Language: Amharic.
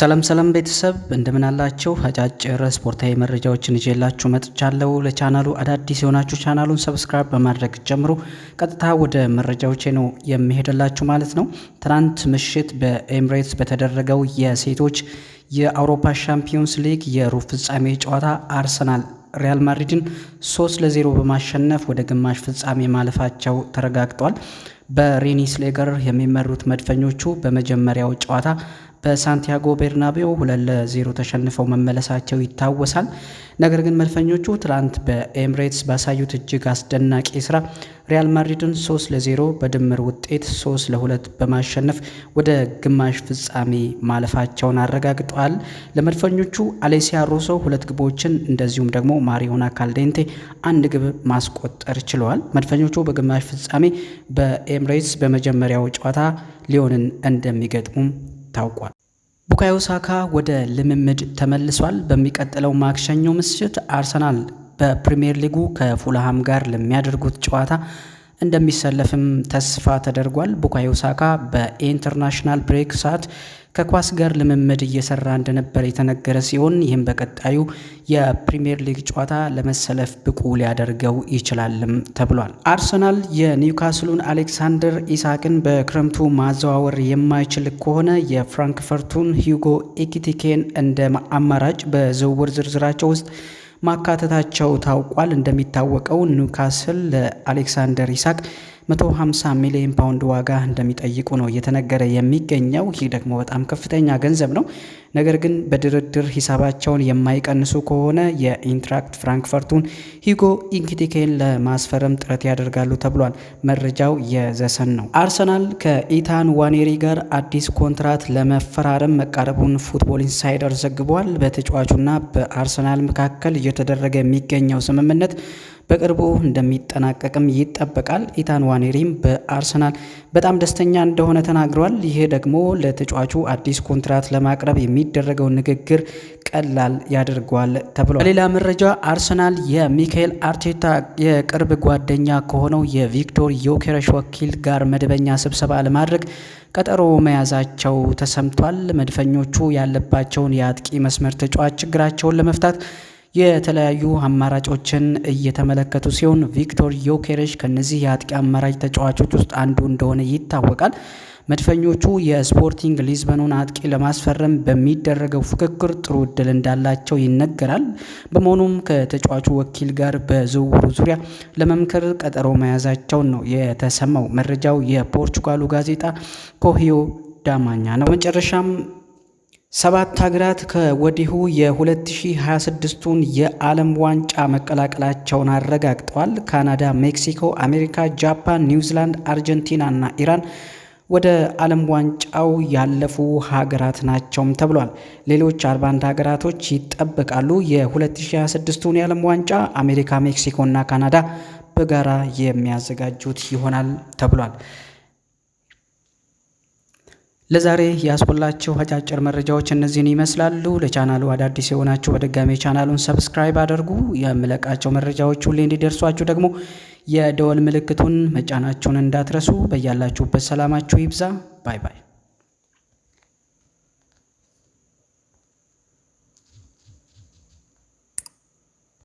ሰላም ሰላም ቤተሰብ እንደምን አላችሁ? አጫጭር ስፖርታዊ መረጃዎችን ይዤላችሁ መጥቻለሁ። ለቻናሉ አዳዲስ የሆናችሁ ቻናሉን ሰብስክራይብ በማድረግ ጀምሮ ቀጥታ ወደ መረጃዎቼ ነው የሚሄደላችሁ ማለት ነው። ትናንት ምሽት በኤምሬትስ በተደረገው የሴቶች የአውሮፓ ሻምፒዮንስ ሊግ የሩብ ፍጻሜ ጨዋታ አርሰናል ሪያል ማድሪድን ሶስት ለዜሮ በማሸነፍ ወደ ግማሽ ፍጻሜ ማለፋቸው ተረጋግጧል። በሬኒስ ሌገር የሚመሩት መድፈኞቹ በመጀመሪያው ጨዋታ በሳንቲያጎ ቤርናቤው ሁለት ለዜሮ ተሸንፈው መመለሳቸው ይታወሳል። ነገር ግን መድፈኞቹ ትላንት በኤምሬትስ ባሳዩት እጅግ አስደናቂ ስራ ሪያል ማድሪድን 3 ለዜሮ በድምር ውጤት 3 ለሁለት በማሸነፍ ወደ ግማሽ ፍጻሜ ማለፋቸውን አረጋግጠዋል። ለመድፈኞቹ አሌሲያ ሮሶ ሁለት ግቦችን እንደዚሁም ደግሞ ማሪዮና ካልዴንቴ አንድ ግብ ማስቆጠር ችለዋል። መድፈኞቹ በግማሽ ፍጻሜ በኤምሬትስ በመጀመሪያው ጨዋታ ሊዮንን እንደሚገጥሙም ታውቋል። ቡካዮ ሳካ ወደ ልምምድ ተመልሷል። በሚቀጥለው ማክሰኞ ምሽት አርሰናል በፕሪምየር ሊጉ ከፉልሃም ጋር ለሚያደርጉት ጨዋታ እንደሚሰለፍም ተስፋ ተደርጓል። ቡካዮ ሳካ በኢንተርናሽናል ብሬክ ሰዓት ከኳስ ጋር ልምምድ እየሰራ እንደነበር የተነገረ ሲሆን ይህም በቀጣዩ የፕሪምየር ሊግ ጨዋታ ለመሰለፍ ብቁ ሊያደርገው ይችላልም ተብሏል። አርሰናል የኒውካስሉን አሌክሳንደር ኢሳቅን በክረምቱ ማዘዋወር የማይችል ከሆነ የፍራንክፈርቱን ሂውጎ ኢኪቲኬን እንደ አማራጭ በዝውውር ዝርዝራቸው ውስጥ ማካተታቸው ታውቋል። እንደሚታወቀው ኒውካስል ለአሌክሳንደር ኢሳቅ 150 ሚሊዮን ፓውንድ ዋጋ እንደሚጠይቁ ነው እየተነገረ የሚገኘው። ይህ ደግሞ በጣም ከፍተኛ ገንዘብ ነው። ነገር ግን በድርድር ሂሳባቸውን የማይቀንሱ ከሆነ የኢንትራክት ፍራንክፈርቱን ሂጎ ኢንኪቲኬን ለማስፈረም ጥረት ያደርጋሉ ተብሏል። መረጃው የዘሰን ነው። አርሰናል ከኢታን ዋኔሪ ጋር አዲስ ኮንትራት ለመፈራረም መቃረቡን ፉትቦል ኢንሳይደር ዘግቧል። በተጫዋቹና በአርሰናል መካከል እየተደረገ የሚገኘው ስምምነት በቅርቡ እንደሚጠናቀቅም ይጠበቃል። ኢታን ዋኔሪም በአርሰናል በጣም ደስተኛ እንደሆነ ተናግሯል። ይህ ደግሞ ለተጫዋቹ አዲስ ኮንትራት ለማቅረብ የሚደረገው ንግግር ቀላል ያደርገዋል ተብሏል። በሌላ መረጃ አርሰናል የሚካኤል አርቴታ የቅርብ ጓደኛ ከሆነው የቪክቶር ዮኬረሽ ወኪል ጋር መደበኛ ስብሰባ ለማድረግ ቀጠሮ መያዛቸው ተሰምቷል። መድፈኞቹ ያለባቸውን የአጥቂ መስመር ተጫዋች ችግራቸውን ለመፍታት የተለያዩ አማራጮችን እየተመለከቱ ሲሆን ቪክቶር ዮኬሬሽ ከነዚህ የአጥቂ አማራጭ ተጫዋቾች ውስጥ አንዱ እንደሆነ ይታወቃል። መድፈኞቹ የስፖርቲንግ ሊዝበኑን አጥቂ ለማስፈረም በሚደረገው ፍክክር ጥሩ እድል እንዳላቸው ይነገራል። በመሆኑም ከተጫዋቹ ወኪል ጋር በዝውውሩ ዙሪያ ለመምከር ቀጠሮ መያዛቸውን ነው የተሰማው። መረጃው የፖርቹጋሉ ጋዜጣ ኮሂዮ ዳማኛ ነው። በመጨረሻም ሰባት ሀገራት ከወዲሁ የ2026ቱን የዓለም ዋንጫ መቀላቀላቸውን አረጋግጠዋል። ካናዳ፣ ሜክሲኮ፣ አሜሪካ፣ ጃፓን፣ ኒውዚላንድ፣ አርጀንቲና እና ኢራን ወደ ዓለም ዋንጫው ያለፉ ሀገራት ናቸውም ተብሏል። ሌሎች 41 ሀገራቶች ይጠበቃሉ። የ2026ቱን የዓለም ዋንጫ አሜሪካ፣ ሜክሲኮ እና ካናዳ በጋራ የሚያዘጋጁት ይሆናል ተብሏል። ለዛሬ ያስኩላችሁ አጫጭር መረጃዎች እነዚህን ይመስላሉ። ለቻናሉ አዳዲስ የሆናችሁ በድጋሚ ቻናሉን ሰብስክራይብ አድርጉ። የምለቃቸው መረጃዎች ሁሌ እንዲደርሷችሁ ደግሞ የደወል ምልክቱን መጫናችሁን እንዳትረሱ። በያላችሁበት ሰላማችሁ ይብዛ። ባይ ባይ።